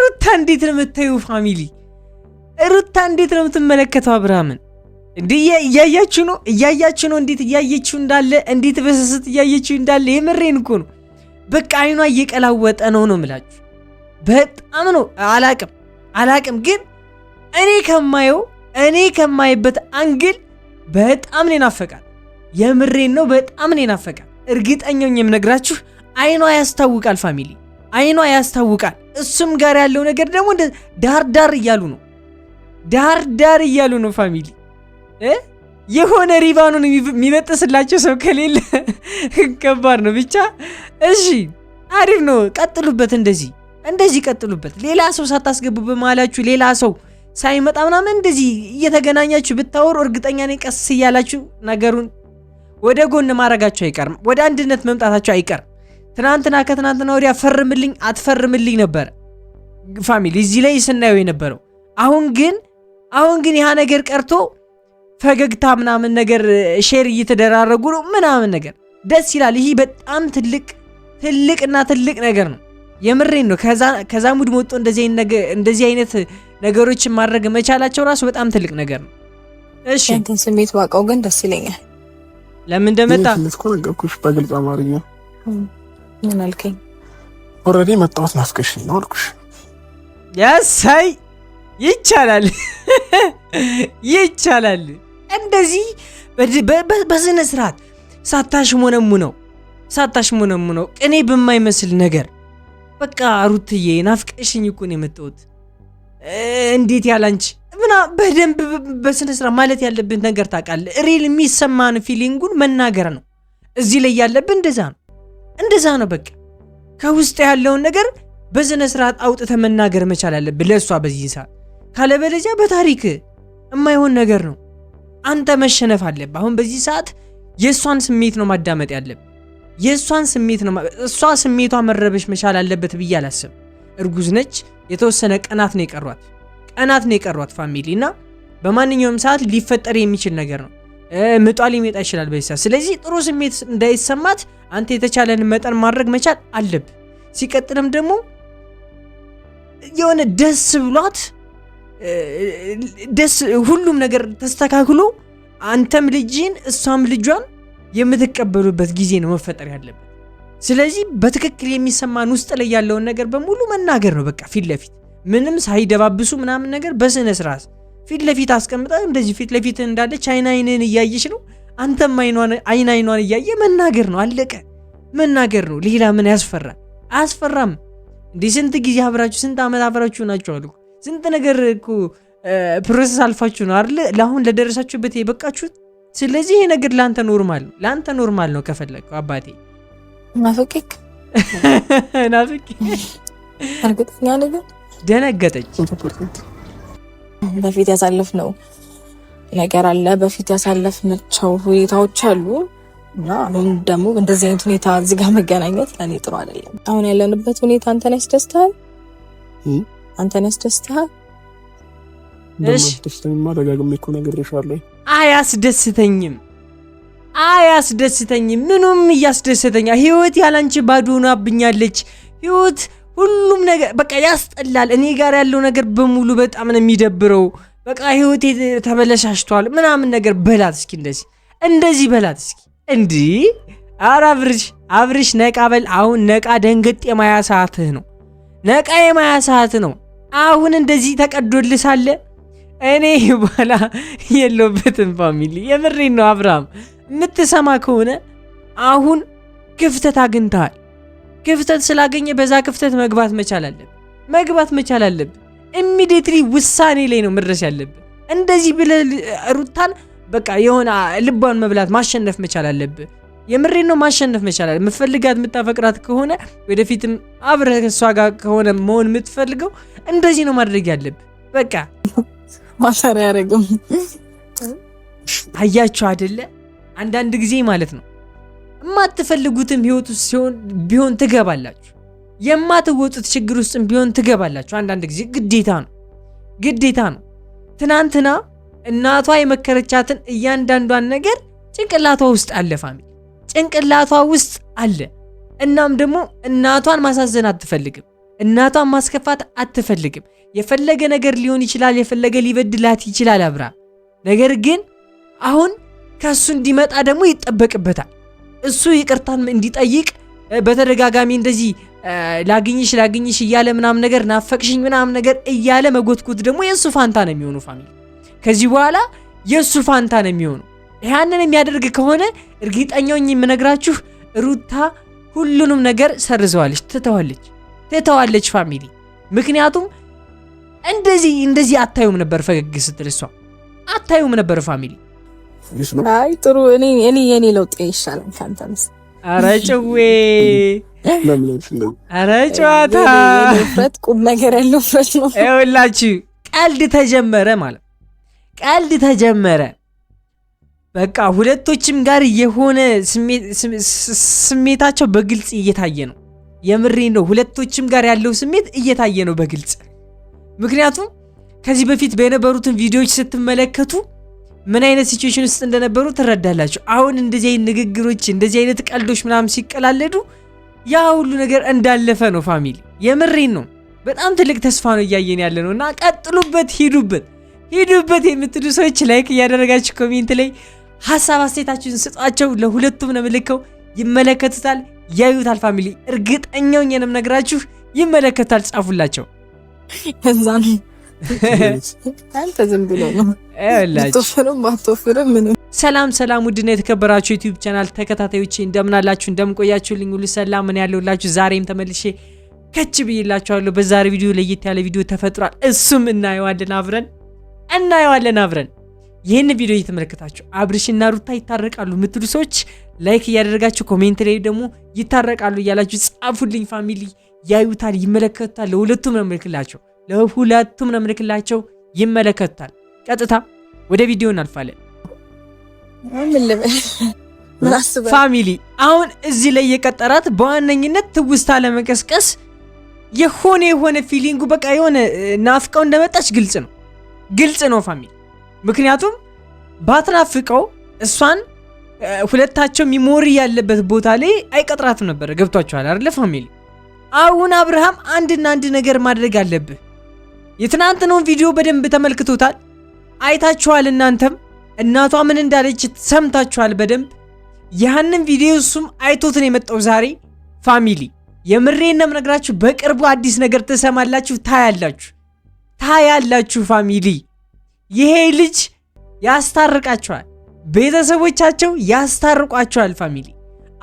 ሩታ እንዴት ነው የምታዩ? ፋሚሊ ሩታ እንዴት ነው የምትመለከተው? አብርሃምን እያያችሁ ነው፣ እያያችሁ ነው። እንዴት እያየችው እንዳለ እንዴት በስስት እያየችው እንዳለ የምሬን እኮ ነው። በቃ አይኗ እየቀላወጠ ነው ነው በጣም ነው አላቅም፣ አላቅም ግን እኔ ከማየው እኔ ከማይበት አንግል በጣም ነው የምሬን ነው፣ በጣም ነው እርግጠኛው የምነግራችሁ አይኗ ያስታውቃል። ፋሚሊ አይኗ ያስታውቃል። እሱም ጋር ያለው ነገር ደግሞ ዳር ዳር እያሉ ነው፣ ዳር ዳር እያሉ ነው ፋሚሊ የሆነ ሪባኑን የሚበጥስላቸው ሰው ከሌለ ከባድ ነው። ብቻ እሺ አሪፍ ነው። ቀጥሉበት፣ እንደዚህ እንደዚህ ቀጥሉበት። ሌላ ሰው ሳታስገቡ በመሀላችሁ ሌላ ሰው ሳይመጣ ምናምን እንደዚህ እየተገናኛችሁ ብታወሩ እርግጠኛ ነኝ ቀስ እያላችሁ ነገሩን ወደ ጎን ማድረጋቸው አይቀርም፣ ወደ አንድነት መምጣታቸው አይቀርም። ትናንትና ከትናንትና ወዲያ ፈርምልኝ አትፈርምልኝ ነበር ፋሚሊ እዚህ ላይ ስናየው የነበረው አሁን ግን አሁን ግን ያ ነገር ቀርቶ ፈገግታ ምናምን ነገር ሼር እየተደራረጉ ነው ምናምን ነገር ደስ ይላል። ይህ በጣም ትልቅ ትልቅና ትልቅ ነገር ነው። የምሬን ነው። ከዛ ሙድ መጥቶ እንደዚህ አይነት ነገሮችን ማድረግ መቻላቸው ራሱ በጣም ትልቅ ነገር ነው። እሺ እንትን ስሜት ባውቀው ግን ደስ ይለኛል። ለምን እንደመጣ በግልጽ አማርኛ ምን አልከኝ? ኦልሬዲ መጣሁት ናፍቀሽኝ ነው አልኩሽ። ያሳይ ይቻላል፣ ይቻላል። እንደዚህ በስነ ስርዓት ሳታሽ ሞነሙ ነው ሳታሽ ሞነሙ ነው ቅኔ በማይመስል ነገር በቃ ሩትዬ ናፍቀሽኝ እኮ ነው የመጣሁት። እንዴት ያላንቺ ምና በደንብ በስነ ስርዓት ማለት ያለብን ነገር ታውቃለህ። ሪል የሚሰማን ፊሊንጉን መናገር ነው። እዚህ ላይ ያለብን እንደዛ ነው። እንደዛ ነው በቃ ከውስጥ ያለውን ነገር በስነ ስርዓት አውጥተ መናገር መቻል አለብህ ለእሷ በዚህ ሰዓት። ካለበለዚያ በታሪክ የማይሆን ነገር ነው። አንተ መሸነፍ አለብህ። አሁን በዚህ ሰዓት የእሷን ስሜት ነው ማዳመጥ ያለብህ። የእሷን ስሜት ነው እሷ ስሜቷ መረበሽ መቻል አለበት ብዬ አላስብ። እርጉዝ ነች። የተወሰነ ቀናት ነው የቀሯት፣ ቀናት ነው የቀሯት ፋሚሊ እና በማንኛውም ሰዓት ሊፈጠር የሚችል ነገር ነው። ምጧ ሊመጣ ይችላል በዚህ ስለዚህ ጥሩ ስሜት እንዳይሰማት አንተ የተቻለን መጠን ማድረግ መቻል አለብ። ሲቀጥልም ደግሞ የሆነ ደስ ብሏት ደስ ሁሉም ነገር ተስተካክሎ አንተም ልጅን እሷም ልጇን የምትቀበሉበት ጊዜ ነው መፈጠር ያለበት። ስለዚህ በትክክል የሚሰማን ውስጥ ላይ ያለውን ነገር በሙሉ መናገር ነው። በቃ ፊት ለፊት ምንም ሳይደባብሱ ምናምን ነገር በስነ ስርዓት ፊት ለፊት አስቀምጣ እንደዚህ ፊት ለፊት እንዳለች አይን አይንን እያየች ነው። አንተም አይን አይኗን እያየ መናገር ነው። አለቀ። መናገር ነው። ሌላ ምን ያስፈራ? አያስፈራም። እንዲህ ስንት ጊዜ አብራችሁ ስንት ዓመት አብራችሁ ናችሁ አሉ። ስንት ነገር እኮ ፕሮሰስ አልፋችሁ ነው አይደል? ለአሁን ለደረሳችሁበት የበቃችሁት። ስለዚህ ይሄ ነገር ለአንተ ኖርማል ነው። ለአንተ ኖርማል ነው። ከፈለግከው አባቴ ናፍቄክ ናፍቄ እርግጠኛ ነገር ደነገጠች። በፊት ያሳለፍ ነው ነገር አለ፣ በፊት ያሳለፍናቸው ሁኔታዎች አሉ እና አሁን ደግሞ እንደዚህ አይነት ሁኔታ እዚህ ጋር መገናኘት ለእኔ ጥሩ አይደለም። አሁን ያለንበት ሁኔታ አንተን ያስደስታል? አንተን ያስደስታል? ደስተኝማ ደጋግሜ እኮ ነግሬሻለሁ። አያስደስተኝም አያስደስተኝም። ምኑም እያስደስተኛ ህይወት ያላንቺ ባዶ ሆናብኛለች ህይወት ሁሉም ነገር በቃ ያስጠላል። እኔ ጋር ያለው ነገር በሙሉ በጣም ነው የሚደብረው። በቃ ህይወቴ ተበለሻሽቷል ምናምን ነገር በላት እስኪ፣ እንደዚህ እንደዚህ በላት እስኪ እንዲህ። ኧረ አብርሽ አብርሽ ነቃ በል። አሁን ነቃ ደንገጥ የማያ ሰዓትህ ነው። ነቃ የማያ ሰዓት ነው። አሁን እንደዚህ ተቀዶልሳለ። እኔ በኋላ የለውበትም ፋሚሊ፣ የምሬን ነው። አብርሃም የምትሰማ ከሆነ አሁን ክፍተት አግኝተሃል። ክፍተት ስላገኘ በዛ ክፍተት መግባት መቻል አለብ መግባት መቻል አለብ። ኢሚዲየትሊ ውሳኔ ላይ ነው መድረስ ያለብ እንደዚህ ብለ ሩታን በቃ የሆነ ልቧን መብላት ማሸነፍ መቻል አለብ የምሬ ነው ማሸነፍ መቻል አለ። የምትፈልጋት የምታፈቅራት ከሆነ ወደፊትም አብረህ ከእሷ ጋር ከሆነ መሆን የምትፈልገው እንደዚህ ነው ማድረግ ያለብ በቃ ማሰሪያ አያችሁ አይደለ? አንዳንድ ጊዜ ማለት ነው የማትፈልጉትም ህይወት ውስጥ ሲሆን ቢሆን ትገባላችሁ። የማትወጡት ችግር ውስጥም ቢሆን ትገባላችሁ። አንዳንድ ጊዜ ግዴታ ነው ግዴታ ነው። ትናንትና እናቷ የመከረቻትን እያንዳንዷን ነገር ጭንቅላቷ ውስጥ አለ፣ ፋሚሊ ጭንቅላቷ ውስጥ አለ። እናም ደግሞ እናቷን ማሳዘን አትፈልግም፣ እናቷን ማስከፋት አትፈልግም። የፈለገ ነገር ሊሆን ይችላል፣ የፈለገ ሊበድላት ይችላል አብራ ነገር ግን አሁን ከሱ እንዲመጣ ደግሞ ይጠበቅበታል። እሱ ይቅርታን እንዲጠይቅ በተደጋጋሚ እንደዚህ ላግኝሽ ላግኝሽ እያለ ምናምን ነገር ናፈቅሽኝ ምናምን ነገር እያለ መጎትጎት ደግሞ የእሱ ፋንታ ነው የሚሆኑ ፋሚሊ ከዚህ በኋላ የእሱ ፋንታ ነው የሚሆኑ። ያንን የሚያደርግ ከሆነ እርግጠኛውኝ የምነግራችሁ ሩታ ሁሉንም ነገር ሰርዘዋለች፣ ትተዋለች ትተዋለች ፋሚሊ። ምክንያቱም እንደዚህ እንደዚህ አታዩም ነበር ፈገግ ስትል እሷ አታዩም ነበር ፋሚሊ ነው። አይ ጥሩ። እኔ እኔ የኔ ለውጥ ይሻላል ካንተ ምስ አረ ጭዌ አረ ጨዋታ ፍረት ቁም ነገር ያለው ነው። ይኸውላችሁ ቀልድ ተጀመረ ማለት ቀልድ ተጀመረ። በቃ ሁለቶችም ጋር የሆነ ስሜታቸው በግልጽ እየታየ ነው። የምሬ ነው። ሁለቶችም ጋር ያለው ስሜት እየታየ ነው በግልጽ ምክንያቱም ከዚህ በፊት በነበሩትን ቪዲዮዎች ስትመለከቱ ምን አይነት ሲቹዌሽን ውስጥ እንደነበሩ ትረዳላችሁ። አሁን እንደዚህ አይነት ንግግሮች፣ እንደዚህ አይነት ቀልዶች ምናምን ሲቀላለዱ ያ ሁሉ ነገር እንዳለፈ ነው። ፋሚሊ የምሬን ነው። በጣም ትልቅ ተስፋ ነው እያየን ያለ ነው እና ቀጥሉበት፣ ሂዱበት፣ ሂዱበት የምትሉ ሰዎች ላይክ እያደረጋችሁ ኮሜንት ላይ ሀሳብ አስተያየታችሁን ስጧቸው። ለሁለቱም ነው የምልከው። ይመለከቱታል፣ ያዩታል። ፋሚሊ እርግጠኛው የነም ነግራችሁ ይመለከቱታል። ጻፉላቸው። አንተ ዝም ብሎ ነው ላችፍርም አትወፍርም ምንም። ሰላም ሰላም፣ ውድና የተከበራችሁ ዩቲዩብ ቻናል ተከታታዮች እንደምናላችሁ እንደምንቆያችሁልኝ ሁሉ ሰላም ምን ያለውላችሁ፣ ዛሬም ተመልሼ ከች ብዬላችኋለሁ። በዛሬ ቪዲዮ ለየት ያለ ቪዲዮ ተፈጥሯል። እሱም እናየዋለን አብረን እናየዋለን አብረን ይህን ቪዲዮ እየተመለከታችሁ አብርሽና ሩታ ይታረቃሉ የምትሉ ሰዎች ላይክ እያደረጋችሁ ኮሜንት ላይ ደግሞ ይታረቃሉ እያላችሁ ጻፉልኝ። ፋሚሊ ያዩታል፣ ይመለከቱታል። ለሁለቱም ነው መልክላቸው ለሁለቱም ነው ምልክላቸው ይመለከቱታል። ቀጥታ ወደ ቪዲዮ እናልፋለን። ፋሚሊ አሁን እዚህ ላይ የቀጠራት በዋነኝነት ትውስታ ለመቀስቀስ የሆነ የሆነ ፊሊንጉ በቃ የሆነ ናፍቀው እንደመጣች ግልጽ ነው ግልጽ ነው ፋሚሊ። ምክንያቱም ባትናፍቀው እሷን ሁለታቸው ሚሞሪ ያለበት ቦታ ላይ አይቀጥራትም ነበረ። ገብቷችኋል አይደለ ፋሚሊ? አሁን አብርሃም አንድና አንድ ነገር ማድረግ አለብህ። የትናንትናውን ቪዲዮ በደንብ ተመልክቶታል፣ አይታችኋል። እናንተም እናቷ ምን እንዳለች ሰምታችኋል በደንብ ያንን ቪዲዮ እሱም አይቶትን የመጣው ዛሬ ፋሚሊ የምሬን ነግራችሁ በቅርቡ አዲስ ነገር ትሰማላችሁ፣ ታያላችሁ፣ ታያላችሁ ፋሚሊ ይሄ ልጅ ያስታርቃቸዋል፣ ቤተሰቦቻቸው ያስታርቋቸዋል ፋሚሊ።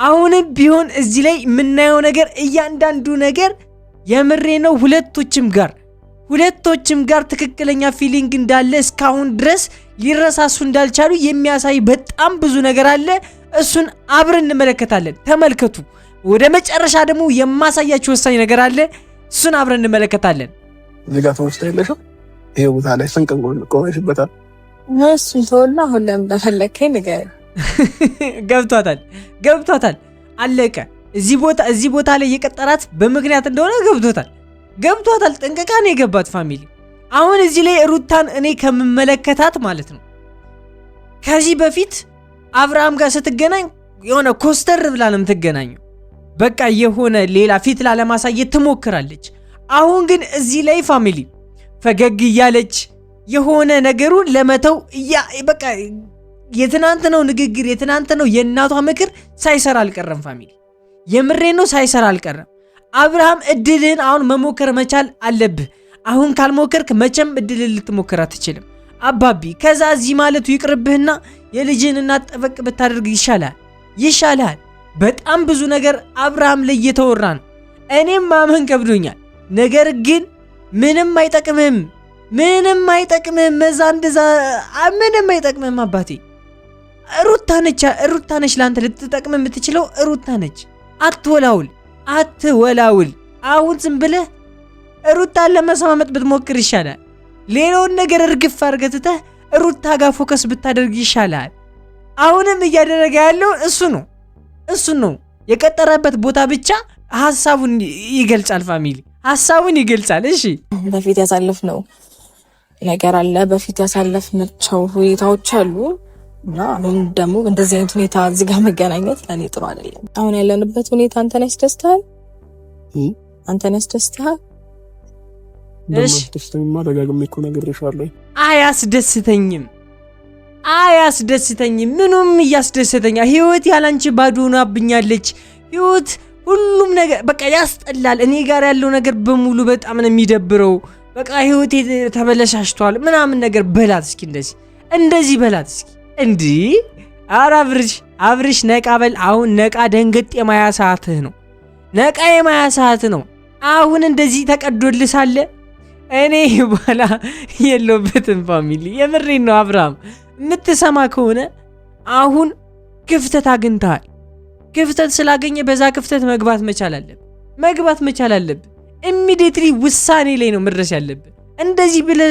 አሁንም ቢሆን እዚህ ላይ የምናየው ነገር እያንዳንዱ ነገር የምሬ ነው ሁለቶችም ጋር ሁለቶችም ጋር ትክክለኛ ፊሊንግ እንዳለ እስካሁን ድረስ ሊረሳሱ እንዳልቻሉ የሚያሳይ በጣም ብዙ ነገር አለ። እሱን አብረን እንመለከታለን። ተመልከቱ። ወደ መጨረሻ ደግሞ የማሳያቸው ወሳኝ ነገር አለ። እሱን አብረን እንመለከታለን። እዚህ ጋር ይሄ ቦታ ላይ ስንቅ ቆመሽበታል። እሱ ተወላ አሁን ለምን ፈለግከኝ ንገረኝ። ገብቷታል፣ ገብቷታል። አለቀ። እዚህ ቦታ እዚህ ቦታ ላይ የቀጠራት በምክንያት እንደሆነ ገብቶታል። ገብቷታል። ጠንቀቃ ነው የገባት ፋሚሊ። አሁን እዚህ ላይ ሩታን እኔ ከምመለከታት ማለት ነው ከዚህ በፊት አብርሃም ጋር ስትገናኝ የሆነ ኮስተር ብላ ነው የምትገናኘው። በቃ የሆነ ሌላ ፊት ላለማሳየት ትሞክራለች። አሁን ግን እዚህ ላይ ፋሚሊ ፈገግ እያለች የሆነ ነገሩን ለመተው በቃ የትናንትናው ንግግር የትናንትናው የእናቷ ምክር ሳይሰራ አልቀረም ፋሚሊ፣ የምሬ ነው ሳይሰራ አልቀረም። አብርሃም እድልህን አሁን መሞከር መቻል አለብህ። አሁን ካልሞከርክ መቼም እድልህን ልትሞከር አትችልም። አባቢ ከዛ እዚህ ማለቱ ይቅርብህና የልጅህን እናት ጠበቅ ብታደርግ ይሻላል ይሻላል በጣም ብዙ ነገር አብርሃም ላይ እየተወራ ነው። እኔም ማመን ከብዶኛል። ነገር ግን ምንም አይጠቅምህም፣ ምንም አይጠቅምህም፣ መዛ እንደዛ ምንም አይጠቅምህም አባቴ። ሩታ ነች፣ ሩታ ነች። ለአንተ ልትጠቅም የምትችለው ሩታ ነች። አትወላውል አትወላውል። አሁን ዝም ብለህ ሩታን ለመሰማመጥ ብትሞክር ይሻላል። ሌላውን ነገር እርግፍ አድርገህ ትተህ ሩታ ጋር ፎከስ ብታደርግ ይሻላል። አሁንም እያደረገ ያለው እሱ ነው እሱ ነው የቀጠረበት ቦታ ብቻ ሀሳቡን ይገልጻል። ፋሚሊ ሀሳቡን ይገልጻል። እሺ በፊት ያሳለፍ ነው ነገር አለ በፊት ያሳለፍናቸው ሁኔታዎች አሉ እና አሁን ደግሞ እንደዚህ አይነት ሁኔታ እዚህ ጋር መገናኘት ለእኔ ጥሩ አይደለም። አሁን ያለንበት ሁኔታ አንተን ያስደስታል አንተን ያስደስትሃል? ደስተኝማ ደጋግሜ እኮ ነግሬሻለሁ። አያስደስተኝም፣ አያስደስተኝም፣ ምኑም እያስደስተኛ ህይወት ያላንቺ ባዶ ሆናብኛለች ህይወት ሁሉም ነገር በቃ ያስጠላል። እኔ ጋር ያለው ነገር በሙሉ በጣም ነው የሚደብረው። በቃ ህይወት ተበለሻሽቷል ምናምን ነገር በላት እስኪ እንደዚህ እንደዚህ በላት እስኪ እንዲህ አረ አብርሽ አብርሽ ነቃ በል። አሁን ነቃ። ደንገጥ የማያ ሰዓትህ ነው። ነቃ የማያ ሰዓት ነው። አሁን እንደዚህ ተቀዶልሳለ እኔ በኋላ የለውበትን ፋሚሊ የምሬን ነው። አብርሃም የምትሰማ ከሆነ አሁን ክፍተት አግኝተሃል። ክፍተት ስላገኘ በዛ ክፍተት መግባት መቻል አለብ መግባት መቻል አለብ ኢሚዲየትሊ ውሳኔ ላይ ነው መድረስ ያለብ እንደዚህ ብለ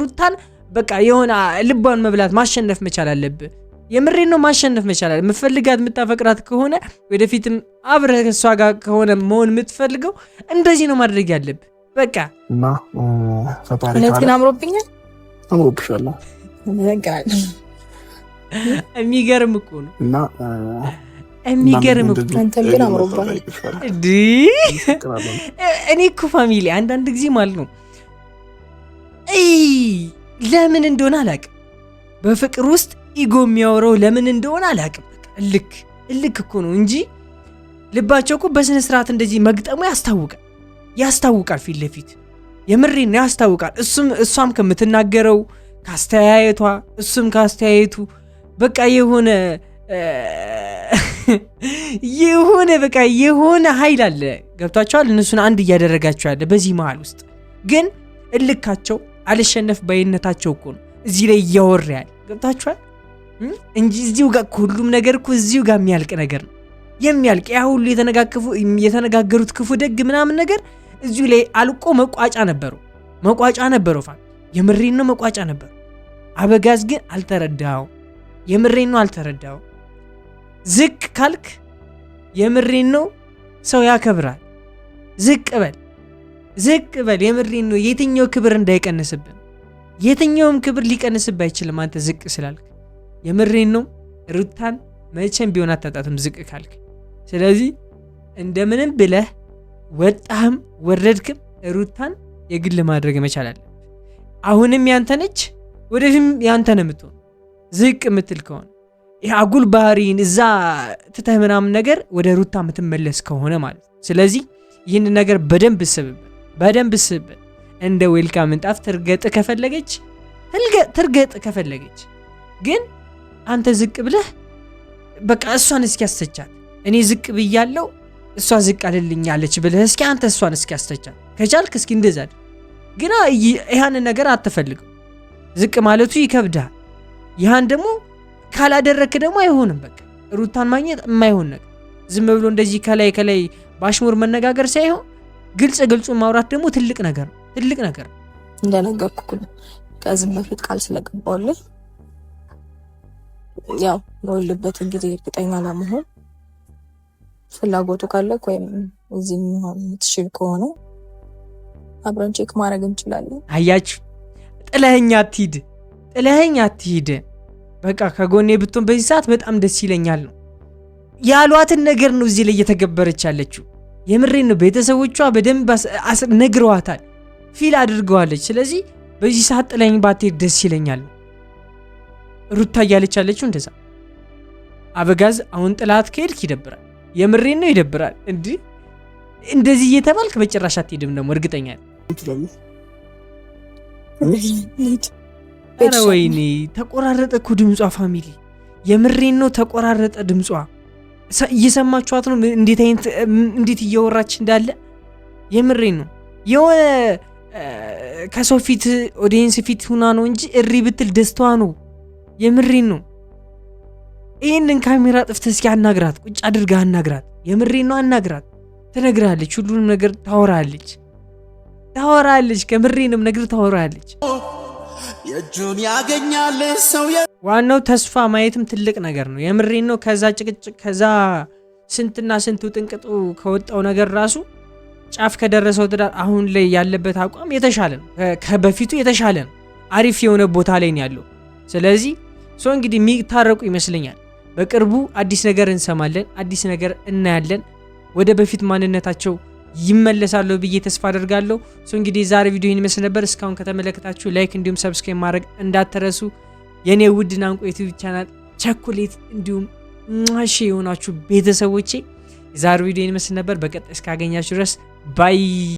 ሩታን በቃ የሆነ ልቧን መብላት ማሸነፍ መቻል አለብህ። የምሬ ነው ማሸነፍ መቻል አለ። የምትፈልጋት የምታፈቅራት ከሆነ ወደፊትም አብረህ እሷ ጋር ከሆነ መሆን የምትፈልገው እንደዚህ ነው ማድረግ ያለብ። በቃ እውነት ግን አምሮብኛል፣ አምሮብሻል። የሚገርም እኮ ነው እና የሚገርም እኔ እኮ ፋሚሊ አንዳንድ ጊዜ ማለት ነው ለምን እንደሆነ አላቅም። በፍቅር ውስጥ ኢጎ የሚያወራው ለምን እንደሆነ አላቅም። እልክ እልክ እኮ ነው እንጂ ልባቸው እኮ በስነ ስርዓት እንደዚህ መግጠሙ ያስታውቃል፣ ያስታውቃል ፊት ለፊት የምሬ ነው ያስታውቃል። እሱም እሷም ከምትናገረው ካስተያየቷ፣ እሱም ካስተያየቱ በቃ የሆነ የሆነ በቃ የሆነ ኃይል አለ። ገብቷቸዋል። እነሱን አንድ እያደረጋቸው ያለ በዚህ መሀል ውስጥ ግን እልካቸው አልሸነፍ ባይነታቸው እኮ ነው እዚህ ላይ እያወር ያል ገብታችኋል እንጂ እዚሁ ጋር ሁሉም ነገር እኮ እዚሁ ጋር የሚያልቅ ነገር ነው የሚያልቅ ያ ሁሉ የተነጋገሩት ክፉ ደግ ምናምን ነገር እዚሁ ላይ አልቆ መቋጫ ነበሩ መቋጫ ነበረው ፋ የምሬን ነው መቋጫ ነበር አበጋዝ ግን አልተረዳው የምሬን ነው አልተረዳው ዝቅ ካልክ የምሬን ነው ሰው ያከብራል ዝቅ በል ዝቅ በል። የምሬን ነው። የትኛው ክብር እንዳይቀንስብን፣ የትኛውም ክብር ሊቀንስብ አይችልም። አንተ ዝቅ ስላልክ የምሬን ነው። ሩታን መቼም ቢሆን አታጣትም ዝቅ ካልክ። ስለዚህ እንደምንም ብለህ ወጣህም ወረድክም ሩታን የግል ማድረግ መቻል አለ። አሁንም ያንተ ነች፣ ወደፊትም ያንተ ነው የምትሆን። ዝቅ የምትል ከሆነ አጉል ባህሪን እዛ ትተህ ምናምን ነገር ወደ ሩታ የምትመለስ ከሆነ ማለት ስለዚህ ይህን ነገር በደንብ እስብበት። በደንብ ስብ እንደ ዌልካ ምንጣፍ ትርገጥ ከፈለገች ትርገጥ ከፈለገች ግን አንተ ዝቅ ብለህ በቃ እሷን እስኪ ያስተቻት። እኔ ዝቅ ብያለው እሷ ዝቅ አልልኛለች ብለህ እስኪ አንተ እሷን እስኪ ያስተቻት ከቻልክ እስኪ እንደዛ ግና ያንን ነገር አትፈልግም። ዝቅ ማለቱ ይከብዳል። ይህን ደግሞ ካላደረክ ደግሞ አይሆንም። በቃ ሩታን ማግኘት የማይሆን ነገር ዝም ብሎ እንደዚህ ከላይ ከላይ ባሽሙር መነጋገር ሳይሆን ግልጽ ግልጹ ማውራት ደግሞ ትልቅ ነገር ትልቅ ነገር እንደነገርኩ ከዚህም በፊት ቃል ስለገባሁልህ ያው በወልበትን ጊዜ እርግጠኛ ለመሆን ፍላጎቱ ካለ ወይም እዚህ የሚሆን የምትችል ከሆነ አብረን ቼክ ማድረግ እንችላለን። አያች ጥለኸኝ አትሂድ፣ ጥለኸኝ አትሂድ፣ በቃ ከጎኔ ብትሆን በዚህ ሰዓት በጣም ደስ ይለኛል ነው ያሏትን ነገር ነው እዚህ ላይ እየተገበረች ያለችው። የምሬን ነው። ቤተሰቦቿ በደንብ ነግረዋታል፣ ፊል አድርገዋለች። ስለዚህ በዚህ ሰዓት ጥለኝ ባትሄድ ደስ ይለኛል ሩታ እያለች ያለችው እንደዛ። አበጋዝ አሁን ጥላት ከሄድክ ይደብራል። የምሬን ነው ይደብራል። እንዲህ እንደዚህ እየተባልክ በጭራሽ አትሄድም። ደግሞ እርግጠኛ ኧረ ወይኔ ተቆራረጠ እኮ ድምጿ ፋሚሊ፣ የምሬን ነው ተቆራረጠ ድምጿ። እየሰማችኋት ነው እንዴት አይነት እንዴት እያወራች እንዳለ የምሬ ነው። የሆነ ከሰው ፊት ኦዲየንስ ፊት ሁና ነው እንጂ እሪ ብትል ደስታዋ ነው። የምሬ ነው። ይህንን ካሜራ ጥፍት እስኪ አናግራት፣ ቁጭ አድርጋ አናግራት። የምሬ ነው፣ አናግራት። ትነግራለች፣ ሁሉንም ነገር ታወራለች፣ ታወራለች። ከምሬንም ነገር ታወራለች። የእጁን ያገኛል ሰው ዋናው ተስፋ ማየትም ትልቅ ነገር ነው። የምሬን ነው። ከዛ ጭቅጭቅ ከዛ ስንትና ስንቱ ጥንቅጡ ከወጣው ነገር ራሱ ጫፍ ከደረሰው ትዳር አሁን ላይ ያለበት አቋም የተሻለ ነው። ከበፊቱ የተሻለ ነው። አሪፍ የሆነ ቦታ ላይ ነው ያለው። ስለዚህ ሰው እንግዲህ የሚታረቁ ይመስለኛል። በቅርቡ አዲስ ነገር እንሰማለን፣ አዲስ ነገር እናያለን። ወደ በፊት ማንነታቸው ይመለሳለሁ ብዬ ተስፋ አደርጋለሁ። ሰው እንግዲህ ዛሬ ቪዲዮ ይህን ይመስል ነበር። እስካሁን ከተመለከታችሁ ላይክ እንዲሁም ሰብስክራይብ ማድረግ እንዳትረሱ። የእኔ ውድ ናንቆ ዩቲዩብ ቻናል ቸኮሌት እንዲሁም ማሽ የሆናችሁ ቤተሰቦቼ የዛሬ ቪዲዮ ይመስል ነበር። በቀጣይ እስካገኛችሁ ድረስ ባይ